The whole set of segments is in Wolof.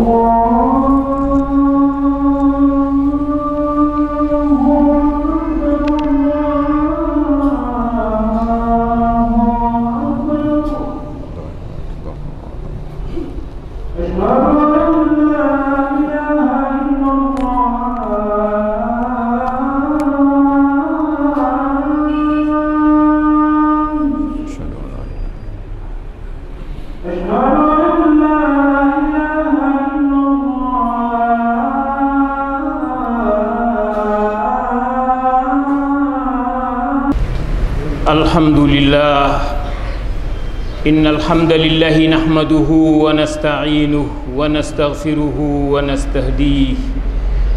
a إن الحمد لله نحمده ونستعينه ونستغفره ونستهديه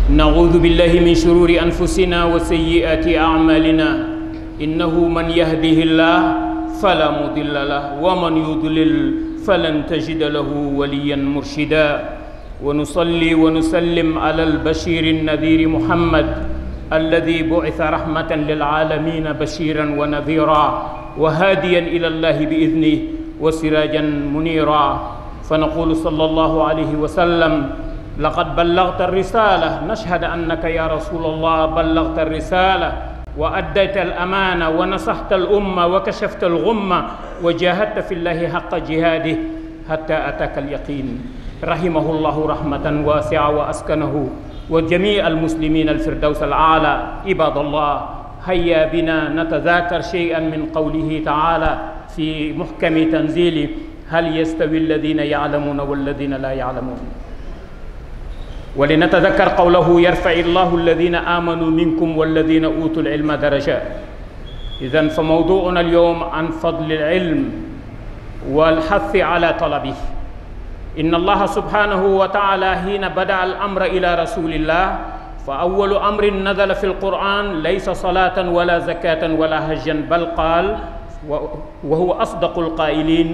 نعوذ بالله من شرور أنفسنا وسيئات أعمالنا إنه من يهده الله فلا مضل له ومن يضلل فلن تجد له وليا مرشدا ونصلي ونسلم على البشير النذير محمد الذي بعث رحمة للعالمين بشيرا ونذيرا وهاديا إلى الله بإذنه وسراجا منيرا فنقول صلى الله عليه وسلم لقد بلغت الرسالة نشهد أنك يا رسول الله بلغت الرسالة وأديت الأمانة ونصحت الأمة وكشفت الغمة وجاهدت في الله حق جهاده حتى أتاك اليقين رحمه الله رحمة واسعة وأسكنه وجميع المسلمين الفردوس الأعلى عباد الله هيا بنا نتذاكر شيئا من قوله تعالى في محكم تنزيله هل يستوي الذين يعلمون والذين لا يعلمون ولنتذكر قوله يرفع الله الذين آمنوا منكم والذين أوتوا العلم درجات إذا فموضوعنا اليوم عن فضل العلم والحث على طلبه إن الله سبحانه وتعالى حين بدأ الأمر إلى رسول الله فأول أمر نزل في القرآن ليس صلاة ولا زكاة ولا هجا بل قال وهو أصدق القائلين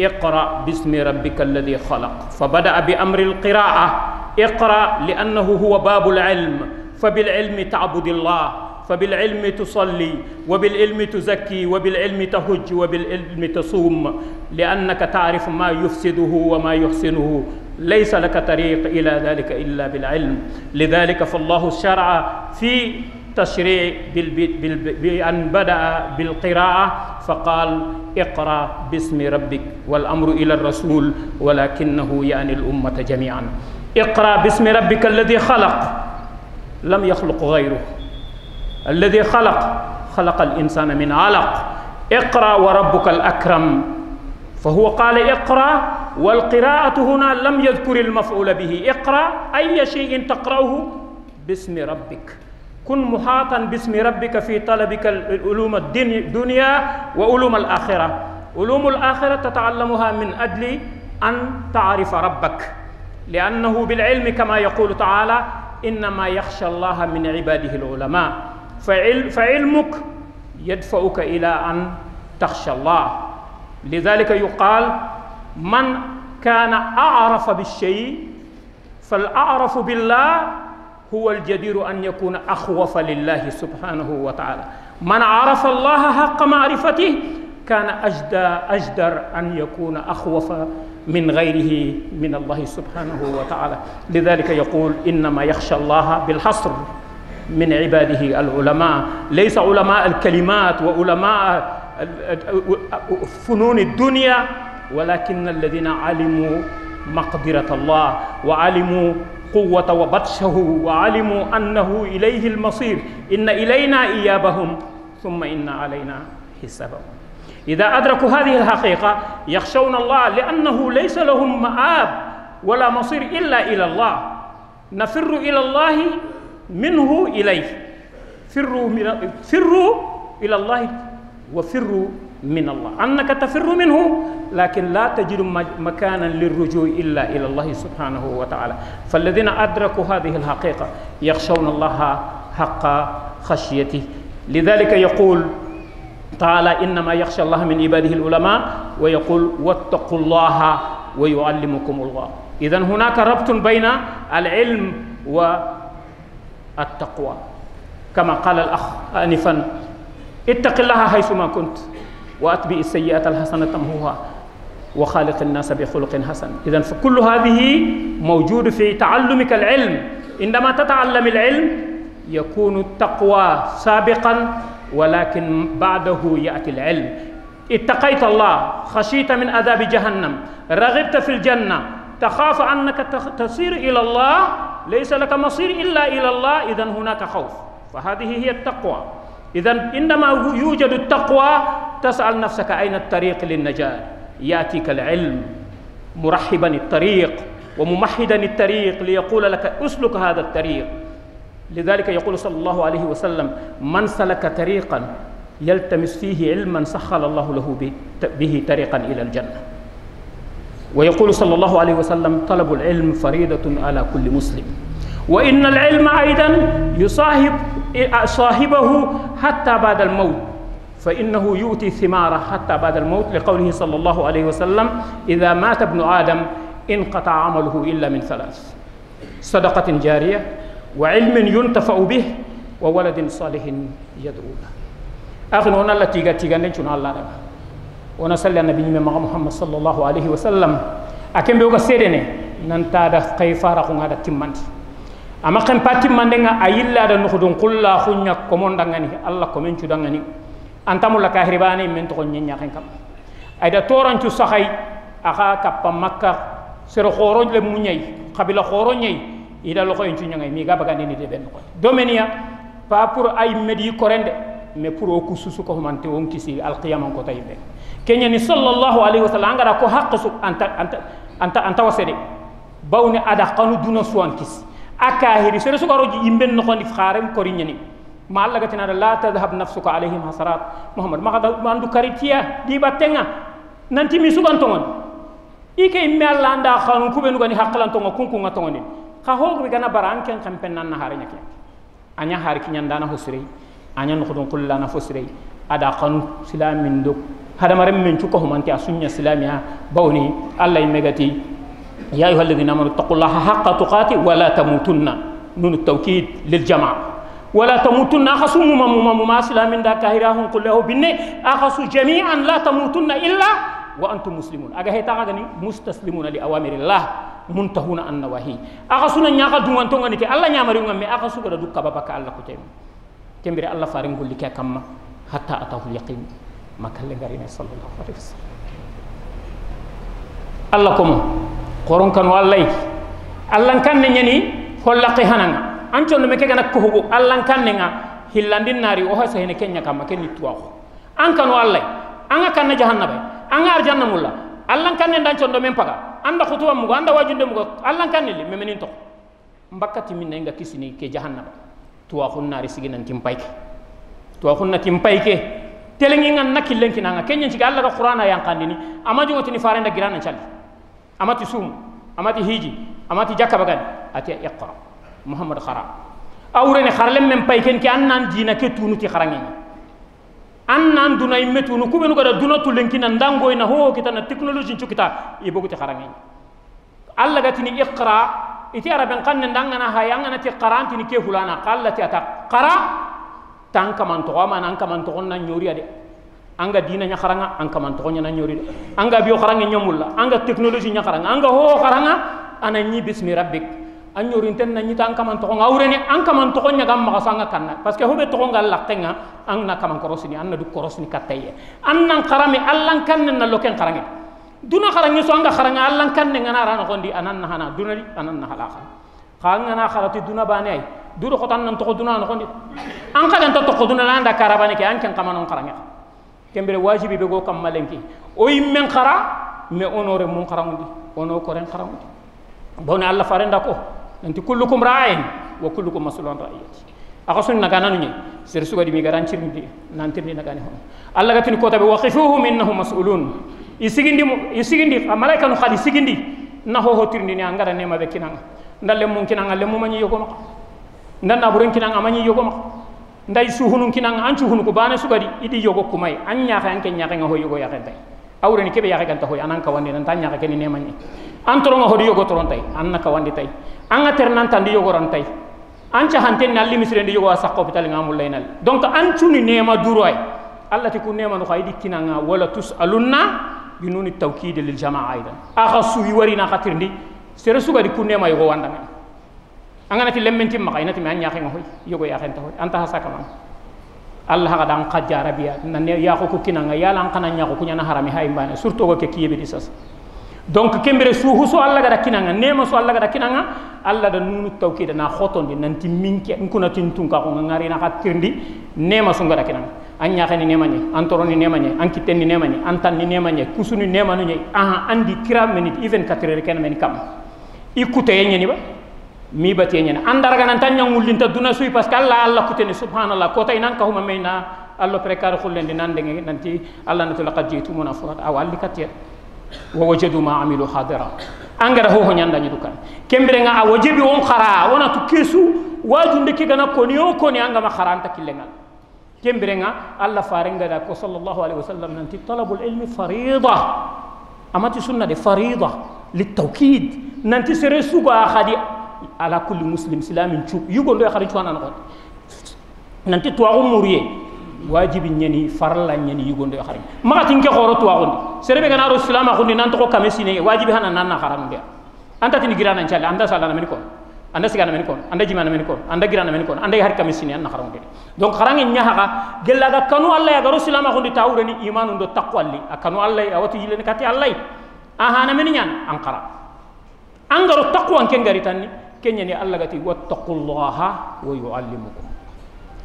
اقرأ باسم ربك الذي خلق فبدأ بأمر القراءة اقرأ لأنه هو باب العلم فبالعلم تعبد الله فبالعلم تصلي وبالعلم تزكي وبالعلم تهج وبالعلم تصوم لأنك تعرف ما يفسده وما يحسنه ليس لك طريق إلى ذلك إلا بالعلم لذلك فالله شرع في تشريع بأن بدأ بالقراءة فقال اقرأ باسم ربك والأمر إلى الرسول ولكنه يعني الأمة جميعا اقرأ باسم ربك الذي خلق لم يخلق غيره الذي خلق خلق الإنسان من علق اقرأ وربك الأكرم فهو قال اقرأ والقراءة هنا لم يذكر المفعول به اقرأ أي شيء تقرأه باسم ربك كن محاطا باسم ربك في طلبك العلوم الدنيا وعلوم الآخرة علوم الآخرة تتعلمها من أجل أن تعرف ربك لأنه بالعلم كما يقول تعالى إنما يخشى الله من عباده العلماء فعل فعلمك يدفعك إلى أن تخشى الله لذلك يقال من كان أعرف بالشيء فالأعرف بالله هو الجدير أن يكون أخوف لله سبحانه وتعالى من عرف الله حق معرفته كان أجدى أجدر أن يكون أخوف من غيره من الله سبحانه وتعالى لذلك يقول إنما يخشى الله بالحصر من عباده العلماء ليس علماء الكلمات وعلماء فنون الدنيا ولكن الذين علموا مقدرة الله وعلموا قوة وبطشه وعلموا أنه إليه المصير إن إلينا إيابهم ثم إن علينا حسابهم إذا أدركوا هذه الحقيقة يخشون الله لأنه ليس لهم مآب ولا مصير إلا إلى الله نفر إلى الله منه إليه فروا, من فروا إلى الله وفروا من الله أنك تفر منه لكن لا تجد مكانا للرجوع إلا إلى الله سبحانه وتعالى فالذين أدركوا هذه الحقيقة يخشون الله حق خشيته لذلك يقول تعالى إنما يخشى الله من عباده العلماء ويقول واتقوا الله ويعلمكم الله إذا هناك ربط بين العلم والتقوى كما قال الأخ آنفا اتق الله حيثما كنت وأتبع السيئات الحسنة تمحوها وخالق الناس بخلق حسن إذا فكل هذه موجود في تعلمك العلم عندما تتعلم العلم يكون التقوى سابقا ولكن بعده يأتي العلم اتقيت الله خشيت من عذاب جهنم رغبت في الجنة تخاف أنك تصير إلى الله ليس لك مصير إلا إلى الله إذا هناك خوف فهذه هي التقوى إذا إنما يوجد التقوى تسأل نفسك أين الطريق للنجاة يأتيك العلم مرحبا الطريق وممهدا الطريق ليقول لك اسلك هذا الطريق لذلك يقول صلى الله عليه وسلم من سلك طريقا يلتمس فيه علما سخر الله له به طريقا إلى الجنة ويقول صلى الله عليه وسلم طلب العلم فريضة على كل مسلم وإن العلم أيضا يصاحب صاحبه حتى بعد الموت فإنه يؤتي ثماره حتى بعد الموت لقوله صلى الله عليه وسلم إذا مات ابن آدم انقطع عمله إلا من ثلاث صدقة جارية وعلم ينتفع به وولد صالح يدعو له أخنا هنا التي تيغان تشون الله دابا وانا صلى النبي محمد صلى الله عليه وسلم أكيم بيوغا سيدني نانتا دا خيفارا كون هذا تيمانتي amma kan pati mandenga ayilla da khudun kulla khunya komon dangani allah komen cu dangani antamul la kahribani men to nyanya kan kam da toran chu sahay aka kappa makka sero khoroj le munyai qabila khoronyai ida lo koyen chu nyangay mi ga bagani ni de ben ko domenia pa pour ay medi korende mais pour o kususu ko humante on kisi al qiyamam ko taybe kenya ni sallallahu alaihi wasallam ngara ko haqqu anta anta anta anta wasede bawni ada qanu duna suwan kisi akahiri sere roji imben no khoni farem kori nyani malaga alla la tadhhab nafsuka alaihim hasarat muhammad ma kada mandu karitia di batenga nanti mi suban tongon ike imme alla anda khanu kuben gani haklan tongo kunku ngatongon kha hogo bi gana baran ken kampen nan hari nyake anya harikinya kinyan dana husri anya no khudun kullana fusri ada khanu silamin do hada maram men cuko humanti asunya silamia bawni alla imegati يا أيها الذين آمنوا اتقوا الله حق تقاته ولا تموتن نون التوكيد للجمع ولا تموتن أخسوا مم مما من دا كاهراهم قل له بني أخسوا جميعا لا تموتن إلا وأنتم مسلمون أجا هي تاغاني مستسلمون لأوامر الله منتهون عن نواهي أخسوا نياغا دوان تونغا نتي الله نيامري غامي أخسوا غدا دوكا باباكا الله كوتيم كمبري الله فارن قول لك كما حتى أتاه اليقين ما كان لغيرنا صلى الله عليه وسلم الله كومو koron kan wallay allan kan ne nyani hollaqi hanan an ton me kegana ko hugo allan kan ne nga hillandin nari o hasa hene kenya kama kenni tuwa an kan wallay an ga kan jahannabe an ga arjanna allan kan ne dan ton do men paga anda khutuwa mugo anda wajunde mugo allan kan ne le memenin to mbakati min nga kisini ke jahannaba tuwa khun nari siginan timpayke tuwa khun na timpayke telengi ngan nakillenki nanga kenya ci ga qur'ana yankandini amajo farenda amati sum amati hiji amati jakka bagan ati iqra muhammad khara awre ne kharlem mem pay ken ki annan dina ke tunuti kharangi annan dunay metunu kubenu gada dunatu na ho kitana technology kita ibogu ti kharangi alla ni iqra iti araben kan ndangana na ti qaranti ni ke hulana qallati ata qara tanka man to man anka man ade anga dina nya kharanga an kaman to nya na nyori anga biyo kharanga la anga technology nya kharanga anga ho karanga ana nyi bismi rabbik an nyori ten na nyita an kaman to nga urene an kaman to nya gam maka sanga kanna parce que hobe to nga tenga an na kaman korosini an na du korosini kataye an nan kharami allan kan na loken kharanga duna kharangi so anga karanga allan kan ne ngana rana gondi anan na hana duna di anan na halaka khanga na kharati duna bane ay duro khotan nan to duna na gondi an khagan to landa karabane ke an kan kamanon kembere wajibi be go kam malenki o yimmen khara me onore mun kharangundi ono ko ren kharangundi bona alla farenda ko nanti kullukum ra'in wa kullukum mas'ulun ra'iyati aka sun naga nanu ni sir suga dimi garantir ni nantir ni naga ni hon alla gatin ko tabe waqifuhum innahum mas'ulun isigindi isigindi malaika no khali sigindi na ho hotirni ni angara ne mabe kinanga ndalle mun kinanga le mumani yogo ma ndanna buren kinanga mani yogo ma nday suhunun kinang an suhunu ko bane sugadi idi yogo kumai an nyaaka an ke nyaaka nga ho yogo yaaka tay awre ni kebe yakhe kan tahoy anan ka wandi nan ho yogo toron tay an na ka wandi tay an ga ter nan tan di yogo ran tay an ca hante na li misre ndi yogo sa ko pital nga mulay donc an nema duro allah ti ku nema no khaydi kinanga wala tusalunna binuni tawkid lil jamaa aidan akhasu yuwarina ndi sere sugadi ku nema yogo wanda angana ti lemmen tim makay nati man yaxe ngoy yogo yaxe taw anta hasaka man ya ya allah ga dan biya nan ya ko kina nga yala an kana nyako kunya na harami hay mbane surtout go ke kiyebe disas donc kembere suhu so allah ga dakina nga nema so allah ga dakina nga allah da nunu tawkida na khoton di nanti minke kuna tun ka ko ngari na nema so ga kina an yaxe ni nema ni an nema ni an kiten ni nema ni an tan ni nema ni kusuni nema nu ni aha andi kiram menit even 4 heures ken men kam ikute yenni ba mi bate ñen andar ga nan tan ñangul duna suy parce que allah allah kuteni subhanallah ko tay nan ka huma meena allah prekar khullen di nan de nanti allah natu laqad jitu furat aw alikat allikatiya wa wajadu ma amilu hadira angara ho ho nyanda nyi dukan kembere nga awajibi on khara wona tu kesu waju ndeki gana koni o koni anga ma kharan kharanta killengal kembere nga alla farenga da ko sallallahu alaihi wasallam nanti talabul ilmi fariida amati sunna de fariida للتوكيد ننتصر سوغا خدي ala kulli muslim silamin chu yugo ndo xari e cuana no nanti tuwaxu muriye wajibi ñeni la ñeni yugo ndo e xari ti nke xoro tuwaxundi sere be ro silama xundi nan toxo kame sine wajibi hana nan na xaram anta tin giran ncale anda salana na meniko anda sigana meniko anda jimana men anda girana men anda har kame sine an na xaram ndia donc xarangi gella ga kanu allah ya garo silama xundi tawurani imanu ndo taqwalli akanu allah ya wati yilene kati alla ahana meni ñan ankara angaro taqwa ken kenyani allah gati wattaqullaha wa yuallimukum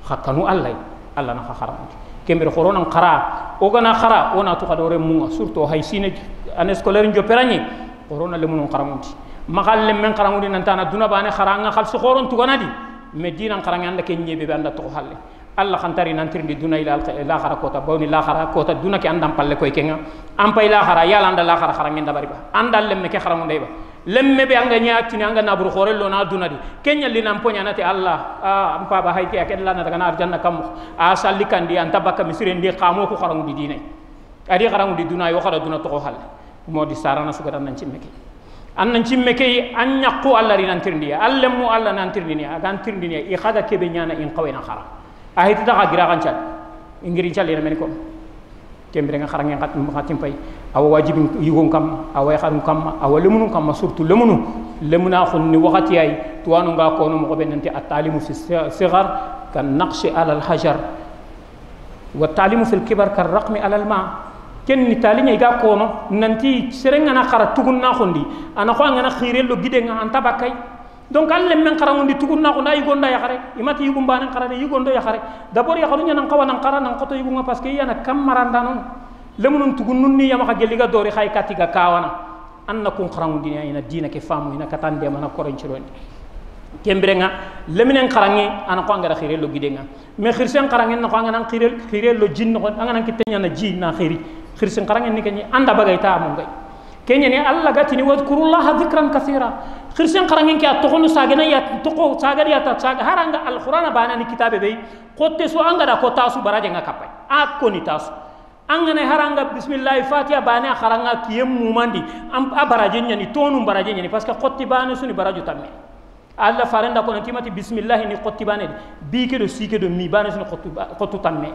hakkanu allah allah na haramati kembere horonan khara o gana khara wona to kadore munga surtout hay sine année scolaire njo perani horona le munon kharamuti magal le men kharamuti nantana duna bane khara nga khal so horon to ganadi me dinan khara nga anda kenye be anda to halle allah khantari nantirndi duna ila la khara kota bawni la khara kota duna ke andam palle koy kenga am pay la khara yala anda la khara khara ngenda bari ba andal le me ke kharamunde ba lemme be anga nya tini anga nabur khore lo na dunadi kenya li nampo ponya nati allah a ampa ba hayke akel la na daga na arjanna kam a salli di anta bakka misire ndi qamo ko kharangu di dine adi kharangu di duna yo khara duna to hal modi sarana su gadan nan cimmeke an nan cimmeke an nyaqu allah ri nan tirndi allah mu allah nan tirndi ni aga tirndi ni i khada kebe be na in qawina khara a ta daga gira kan chal ingiri chal yer men ko kembere nga xarang ngat mu xatim pay awa wajibin yugum kam awa xarum kam awa lemunu kam surtout lemunu lemuna khun ni waxati ay tuwanu nga ko no mo benanti at talimu fi sighar kan naqshi ala al hajar wa talimu fil kibar kan raqmi ala al ma ken ni talinya ga ko no nanti serenga na khara tugun na khondi ana ko nga na khirelo gide nga antabakay donc al alle men karangundi tugun na kuna igonda yakare imati igumba nan karade igondo yakare d'abord yakaru nyanan kawa nan kara nan koto igunga parce que yana kam maranda non lemunun nun nunni yama ka geliga dori khay katiga kawana anna kun karangundi ina dina ke famu ina katande mana koronchirondi kembere nga leminen karange ana ko angara khire lo gidenga me khirsen karange na ko angana khire khire lo jinno ko angana kitenya na ji na khiri khirsen karange ni kenyi anda bagay ta mo ngay kenya ni alla gati ni wadkurullaha dhikran kaseera Kristen karena yang kita tokoh nusagen ya tokoh sagen ya tak sagen. Hari Al Quran abah ini kitab ini. Kote su angga da kota su baraja nggak kapai. Aku nita su. Angga nih hari angga Bismillah Fatiha abah ini hari angga kiam mumandi. Am abah baraja ini nih tuh Pas ke kote abah nusun ini baraja tamir. Allah farinda kau nanti mati Bismillah ini kote abah ini. Bi ke do si ke do mi abah nusun kote kote tamir.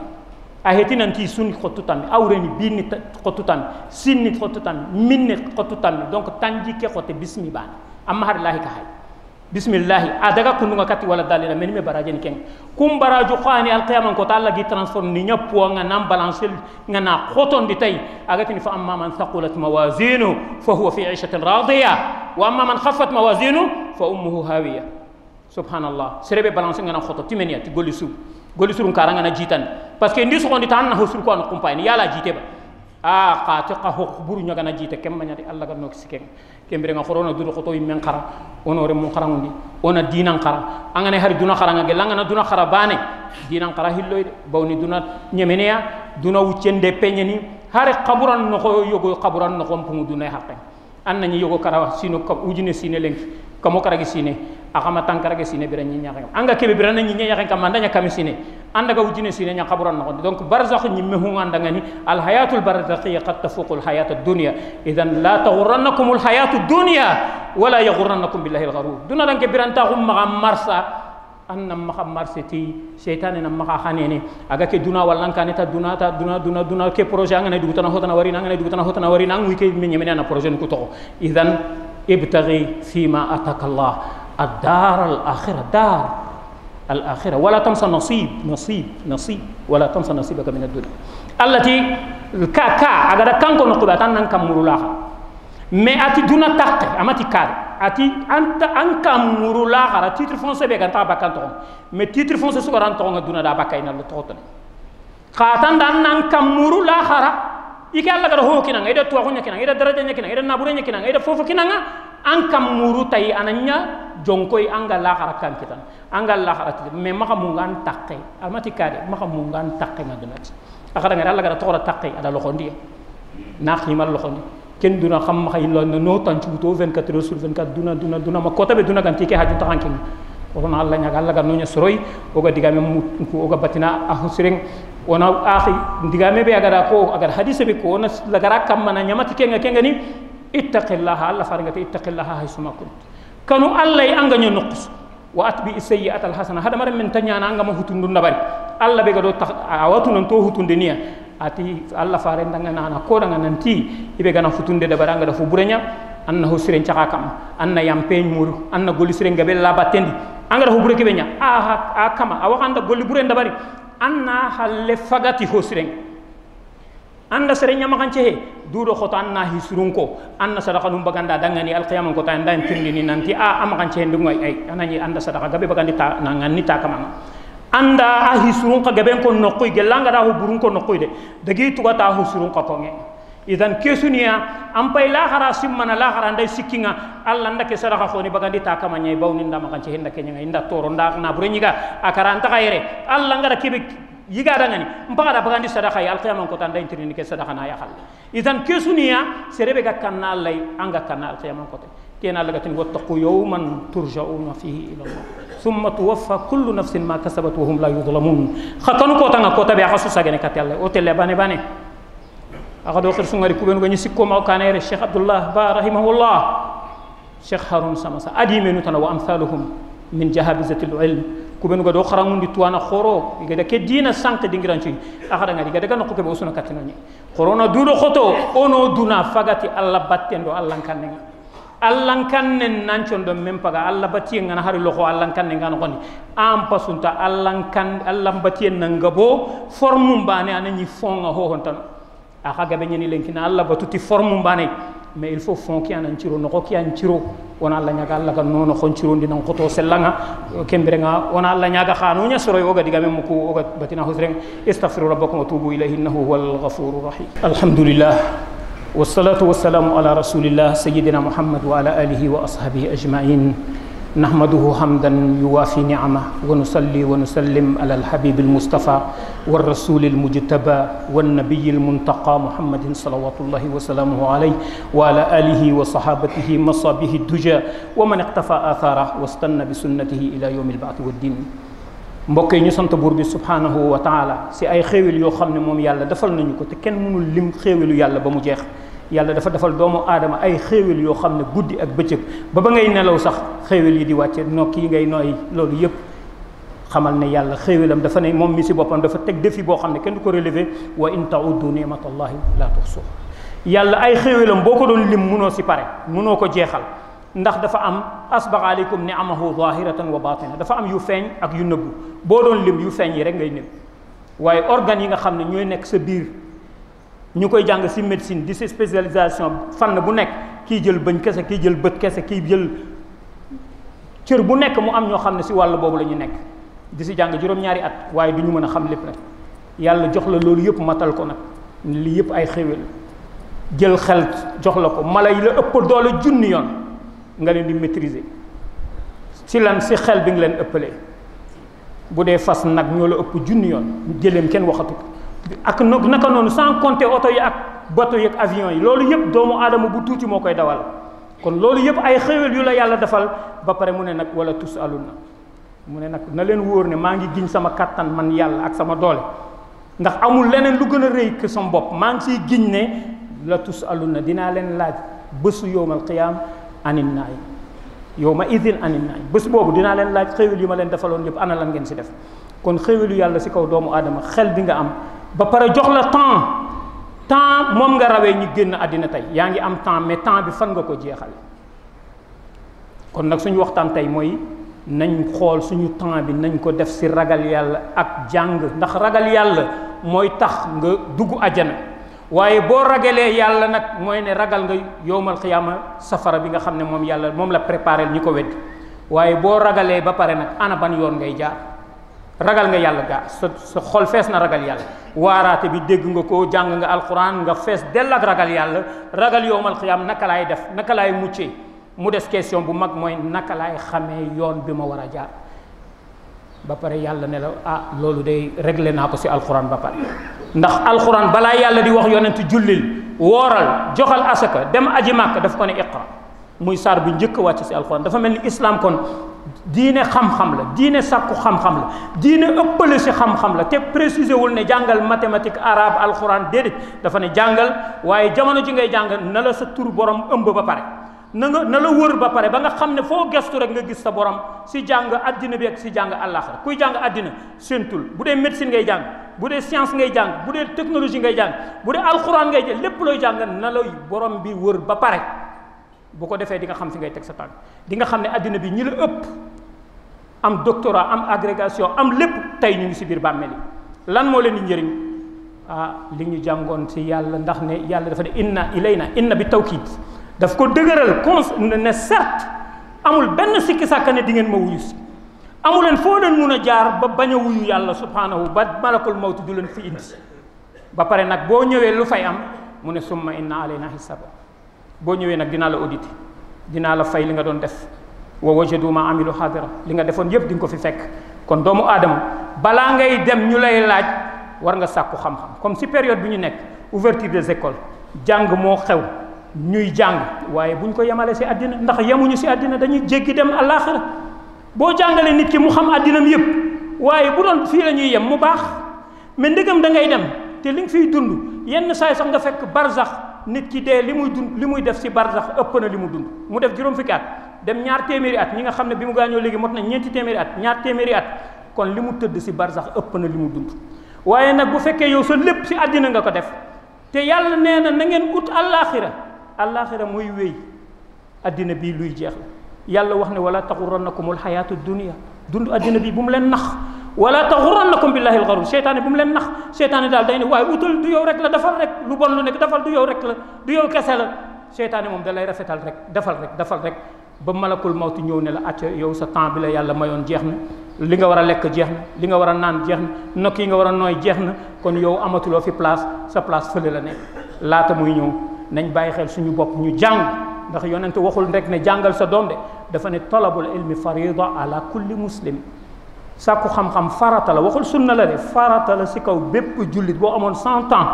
Aheti nanti sun kote tamir. Aure ini bi ini kote tamir. Sin ini kote tamir. Min ini kote tamir. Donk tangi ke kote Bismillah. amma har lahi ka hay bismillah adaga kununga kati wala dalina men me barajen ken kum baraju khani al qiyam ko talla gi transform ni wo nga nam balance nga na khoton di tay agati ni fa amma man thaqulat mawazinu fa huwa fi 'ishatin radiya wa amma man khaffat mawazinu fa ummuhu hawiya subhanallah serebe balance nga na khoto timenia ti golisu golisu goli surun karanga na jitan parce que ndi so ndi tan na hosul ko an kumpani yala jite ba a qati qa buru nyaga na jité kem mañati alla ga nok kem bi nga xorona dudu khoto yi men xara ono mu mun ngi ona dinan khara ne har duna khara nga langana duna khara bane dinan khara hilloy bawni duna nyemeneya duna wucende ni har qaburan no ko yogo qaburan no ko pungu duna e haqqe an nañi yogo kara sino ko ujine sine lenki kamo kara gi sine akama tankarage sine bira nyi nyaaka anga kebe bira na nyi nyaaka kam mandanya kam sine anda ga wujine sine nya qabran no donc barzakh nyi me hu anda ngani al hayatul barzakhiyya qad tafuqu al hayat ad dunya idan la taghurrannakum al hayat ad dunya wala yaghurrannakum billahi al gharur duna dan ke biran ta hum ma marsa anna ma marseti shaytan na ma khanene aga ke duna wallan kan ta duna ta duna duna duna ke projet ngane dugutana hotana wari ngane dugutana hotana wari nang wi ke me nyemena na projet ku to idan ابتغي فيما اتاك الله الدار الآخرة دار الآخرة ولا تنسى نصيب نصيب نصيب ولا تنسى نصيبك من الدنيا التي كا كا أجد كان كن أن تنن مرولها ما أتي دون تقة أما تكار أتي أنت أن على تيتر فرنسي بيجان تابا كان تون ما تيتر فرنسي سكران تون دون دابا كاين الله تقطن خاتن دان كمرولاها ike alla gara hoo kinanga ida tuwaxuña kinanga ida darajaña kinanga ida nabureña kinanga ida fofo kinanga an kam muru تاي أنانيا jonkoy anga lahara kan kitan anga lahara ti me maka mungan takke almati kade maka mungan takke dunat akara ngara Allah gara tora takke ada lokondi na khimal lokondi ken duna kham ma khaylo no tan chu to 24 heures sur 24 duna duna duna ma kota be duna kan tike haju tahankin wona Allah nyaga Allah gar nonya soroy oga digame mu oga batina ahusring wona akhi digame be agara ko agar hadise be ko wona lagara kam mana nyamati kenga kenga ni ittaqillaha Allah faringa ittaqillaha haysuma kunt kanu allah e anga ño nokkus wa atbi sayyi'ata alhasana hada mara min tanyana anga ma hutundu ndabari allah be gado a watunan to hutunde niya ati allah fare ndanga nana ko danga nanti ibe gana hutunde dabara anga da fu burenya anna ho siren chaka kam anna yampe muru anna goli siren gabe la batendi anga da fu bureke benya a a kama a wakanda goli buren dabari anna halle fagati ho siren anda seringnya makan cehe duro kota anna hisrunko anna sadaka num baganda dangani al qiyamah ko tan dan tindini nanti a ah, amakan ah, cehe ndungai eh, eh. ai anani anda sadaka gabe bagandi ta nangan ta kamang. anda ahisurungko hisrun ka gabe ko nokkoy gelanga da ho burun ko de dagi tuga ta hisrun ka konge idan kesunia ya, ampai lahara simmana lahara ndai sikinga allah ndake sadaka ni bagandi ta kamanya bawni makan cehe ndake nyanga inda toro ndak na burenyiga akaranta kayere allah ngara kibik yigada ngani mpagada bagandi sadaka ya alqiyama ko tan dayin tirini ke sadaka na yakhal idan kesuniya serebe ga kanna lay anga kanna alqiyama ko tan kena laga tin wattaqu yawman turja'una fihi ila Allah thumma tuwaffa kullu nafsin ma kasabat wa hum la yudhlamun khatan ko tan ko tabe khasu sagene katel o tele bane bane aga do khir sungari kuben gani sikko ma kanere Sheikh Abdullah ba rahimahullah Sheikh Harun samasa adi menu tan wa amsaluhum min jahabizati al-ilm kubenu ga do kharamundi tuana khoro da ke dina sank dingiranci akhada ngadi gada gano kokebe usuna Corona khorona dudo khoto ono duna fagati alla battendo allan alla allan kannen nancon do mem paga alla batti ngana hari loko allan kannen ngana koni am pasunta alla kan alla batti nangabo formu mbane anani fonga ho hontan akha be nyani na alla batuti formu mbane mais il faut fonki an anan ciro no ko ki an ciro wona la nyaga la ga nono kon ciro ndi nan koto selanga kembere nga wona la nyaga khanu nya soro yoga diga mem ko oga batina husreng istaghfiru rabbakum wa tubu ilayhi innahu huwal ghafurur rahim alhamdulillah والصلاة والسلام على رسول الله سيدنا محمد وعلى آله وأصحابه أجمعين نحمده حمدا يوافي نعمه ونصلي ونسلم على الحبيب المصطفى والرسول المجتبى والنبي المنتقى محمد صلوات الله وسلامه عليه وعلى اله وصحابته مصابه الدجى ومن اقتفى اثاره واستنى بسنته الى يوم البعث والدين مبكي ني سانت بور buur bi subhanahu wa taala si ay xéewal yoo xam ne moom yàlla defal nañu ko te kenn mënul lim xéewalu yàlla dafa defal doomu aadama ay xéewal yoo xam ne guddi ak bëccëg ba ba ngay nelaw sax xéewal yi di wàcce nokki ngay noy loolu yëpp xamal ne yàlla xéewalam dafa ne moom mi si boppam dafa teg défi boo xam ne kenn du ko relever wa in tauddu nimatallahi la tuxsuha yàlla ay xéewalam boo ko doon lim munoo si pare munoo ko jeexal ndax dafa am asbax alaykum niamahu zahiratan wa batina dafa am yu feeñ ak yu nëbbu boo doon lim yu feeñ yi rek ngay nëbb waaye organes yi nga xam ne ñooy nekk sa biir ñu koy jàng si médecine di si spécialisation fànn bu nekk kii jël bëñ kese kii jël bët kese kii jël cër bu nekk mu am ñoo xam ne si wàll boobu la ñu nekk di si jàng juróom-ñaari at waaye du ñu mën a xam lépp nag yàlla jox la loolu yëpp matal ko nag lii yëpp ay xéwal jël xel jox la ko mala yi la ëpp doole junni yoon nga leen di maîtriser si lan si xel bi nga leen ëppalee bu dee fas nag ñoo la ëpp junni yoon jëleem kenn waxatu ko ak naka noonu san compter oto yi ak bateau yi ak avion yi loolu yëpp doomu aadama bu tuuti moo koy dawal kon loolu yëpp ay xéwal yu la yàlla defal ba pare mu ne nag wala tus aluna mu ne nag na leen wóor ne maa ngi giñ sama kattan man yàlla ak sama doole ndax amul leneen lu gën a rëy que sama bopp maa ngi siy giñ ne la tus aluna dinaa leen laaj bésu yowmal qiyaam anin naay yow ma idin anin naay bés boobu dinaa leen laaj xéwal yi ma leen defaloon yëpp ana lan ngeen si def kon xéwalu yàlla si kaw doomu aadama xel bi nga am ba pare jox la temps temps moom nga rawee ñu génn àddina tey yaa ngi am temps mais temps bi fan nga ko jeexal kon nag suñu waxtaan tey mooy nañ xool suñu temps bi nañ ko def si ragal yàlla ak jàng ndax ragal yàlla mooy tax nga dugg àjjana waaye boo ragalee yàlla nag mooy ne ragal nga yowmal xiyaama safara bi nga xam ne moom yàlla moom la préparé ñu ko wedd waaye boo ragalee ba pare nag ana ban yoon ngay jaar ragal nga yalla ga sa xol fess na ragal yalla warate bi deg nga ko ngafes nga alquran nga fess dell ak ragal yalla ragal yowmal qiyam naka lay def naka lay mucce mu dess question bu mag moy naka lay xame yon bima wara a jaar ba pare yalla ne la ah lolou day réglé nako ci alquran ba pare ndax alquran bala yalla di wax yonent julil woral joxal asaka dem aji mak daf ko ne iqra muy sar bu ñeuk wacc ci alquran dafa melni islam kon diine xam-xam la diine sàkku xam-xam la diine ëppale si xam-xam la te précisé wul ne jàngal mathématique arabe alxuraan déedéet dafa ne jàngal waaye jamono ji ngay jàng na la sa tur borom ëmb ba pare na nga na la wër ba pare ba nga xam ne foo gestu rek nga gis sa borom si jàng addina bi ak si jàng àllaaxira kuy jàng addina séentul bu dee médecine ngay jàng bu dee science ngay jàng bu dee technologie ngay jàng bu dee alxuraan ngay jël lépp looy jàng na la borom bi wër ba pare bu ko defee di nga xam si ngay teg sa tànk dinga xam ne àddina bi ñi la ëpp am doctorat am agrégation am lépp tey ñu ngi si biir bàmmeel lan moo leen di njëriñ ah li ñu jàngoon si yàlla ndax ne yàlla dafa ne inna na inna bi tawkiid daf ko dëgëral cons ne certes amul benn sikki sàkka ne di ngeen ma wuyu si amu leen foo leen mun a jaar ba bañ a wuyu yàlla subhaanahu ba malakul mawtu du leen fi indi ba pare nag boo ñëwee lu fay am mu ne summa inna alayna hisaba bo ñëwee nak dina la audité dina la fay li nga doon def wa wajadu ma amilu xaadira li nga defon yépp fefek, ko fi fekk kon doomu adam bala ngay dem ñu lay laaj war nga sakku xam-xam comme si période bi ñu nekk ouverture des écoles jang mo xew ñuy jang waye buñ ko yamalé si adina ndax yamuñu ci adina dañuy jéggi dem àllaaxira bo jangalé nit ki mu xam àddinam yépp waye bu doon fi lañuy yem mu baax mais ndegam da ngay dem té li fiy dund yenn saay sax nga fekk barzakh nit ki dee li muy dund li muy def si barzax ëpp na li mu dund mu def juróom fukki at dem ñaar téeméeri at ñi nga xam ne bi mu gaañoo léegi mot na ñeenti téeméeri at ñaar téeméeri at kon li mu tëdd si barzax ëpp na li mu dund waaye nag bu fekkee yow sa lépp si àddina nga ko def te yàlla nee na na ngeen ut àllaaxira àllaaxira mooy wéy àddina bii luy jeex la yàlla wax ne wala taxurannakumul xayaatu dunia dund àddina bi bu mu leen nax wala taxurannakum billahi alxarur seytaane bu mu leen nax seytaane daal day ne waaye utal du yow rek la defal rek lu bon lu nekk defal du yow rek la du yow kese la seytaane moom da lay rafetal rek defal rek defal rek ba malakul mawti ñëw ne la acca yow sa temps bi la yàlla mayoon jeex li nga war a lekk li nga war a naan jeex nga war a nooy kon yow amatuloo fi place sa place fële la nekk laata muy ñëw nañ bàyyi xel suñu bopp ñu jàng ndax yonent waxul rek ne jàngal sa doom de dafa ne talabul ilmi farida ala kulli muslim sàkku xam-xam farata la waxul sunna la ne farata la si kaw bépp jullit boo amoon cent ans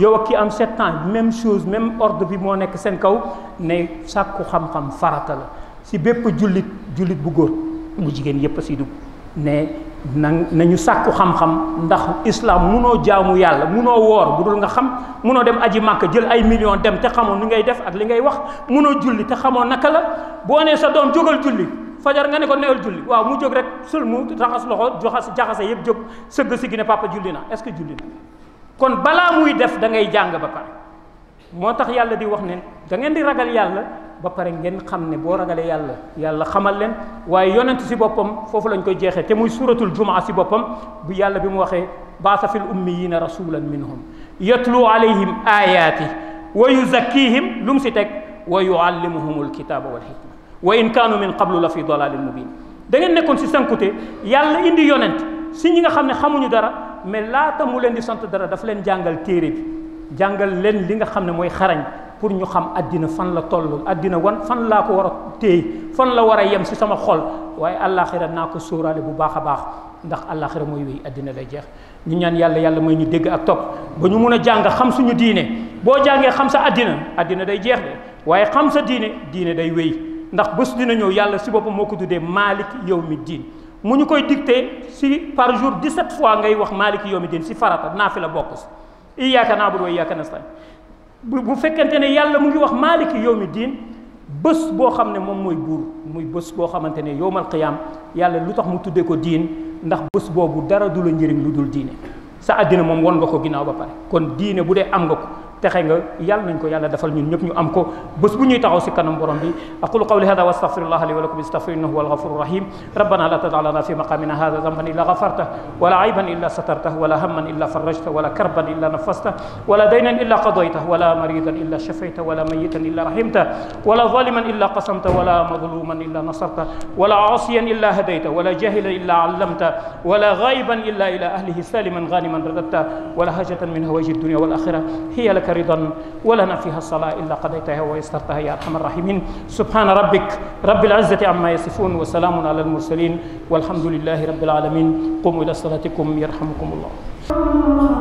yow ak ki am sept ans même chose même ordre bi moo nekk seen kaw ne sàkku xam-xam farata la si bépp jullit jullit bu góor bu jigéen yépp a si dugg ne na nañu sàkku xam-xam ndax islam munoo jaamu yàlla munoo woor bu dul nga xam munoo dem aji màkk jël ay million dem te xamoon ni ngay def ak li ngay wax munoo julli te xamoo naka la boo nee sa doom jógal julli fajar nga ne ko newal julli waaw mu jóg rek sël mu raxas loxo joxas jaxase yëpp jóg sëgg si gi ne papa julli na est-ce que julli na kon balaa muy def da ngay jàng ba pare moo tax yàlla di wax ne da ngeen di ragal yàlla ba pare ngeen xamne bo ragale yàlla yàlla xamal len waaye yonent ci bopam fofu lañ koy jexé te muy suratul jumaa ci bopam bu yàlla bi mu waxee baasa fil ummiyina rasulan minhum yatlu alayhim ayati wa yuzakkihim lum ci tek wa yuallimuhum alkitaba wal hikma wa in kanu min qablu la fi dalalin mubin da ngeen nekkon ci sankute yàlla indi yonent ci ñi nga xamne xamuñu dara mais laata mu len di sant dara daf len jàngal téré bi jàngal len li nga xamne moy xarañ pour ñu xam adina fan la toll adina wan fan la ko wara tey fan la wara yem ci sama xol waye alakhira nako sourale bu baakha a baax ndax alakhira moy wi adina lay jeex ñu ñaan yàlla yàlla mooy ñu dégg ak top ba ñu mëna jàng xam suñu diine bo jange xam sa adina adina day jeex de waye xam sa diine diine day wéy ndax bés dina ñëw yàlla ci bopam moko ko malik maalik yow mu ñu koy dicté ci par jour 17 fois ngay wax malik yow mi diin farata nafila fi bokk iyyaka na'budu wa iyyaka nasta'in bu fekkente ne yàlla mu ngi wax maliki yawmi din bés bo xamne mom moy bur buur muy bés bo xamantene yawmal qiyam yàlla lutax mu tuddé ko din ndax bés bobu dara du la njëriñ lu diine sa adina mom won nga ko ginaaw ba pare kon diine bu dee am nga ko texe nga yàlla nañ ko yàlla defal ñun ñëpp ñu am ko bés bu ñuy taxaw ci kanam borom bi aqulu qawli hadha wa astaghfirullaha li wa lakum istaghfiru wal ghafurur rahim rabbana la tad'alna fi maqamina hadha dhanban illa ghafarta wa la ayban illa satartahu wa la hamman illa farajtahu wa la karban illa nafasta wa la daynan illa qadaytahu wa la maridan illa shafaytahu wa la mayitan illa rahimta wa la zaliman illa qasamta wa la madhluman illa nasarta wa la 'asiyan illa wa la الا illa 'allamta wa la ghaiban illa ila ahlihi saliman ghaniman سالما wa la hajatan min hawaji dunya wal akhirah hiya lak رضا ولنا فيها الصلاة إلا قضيتها ويسرتها يا أرحم الراحمين سبحان ربك رب العزة عما يصفون وسلام على المرسلين والحمد لله رب العالمين قوموا إلى صلاتكم يرحمكم الله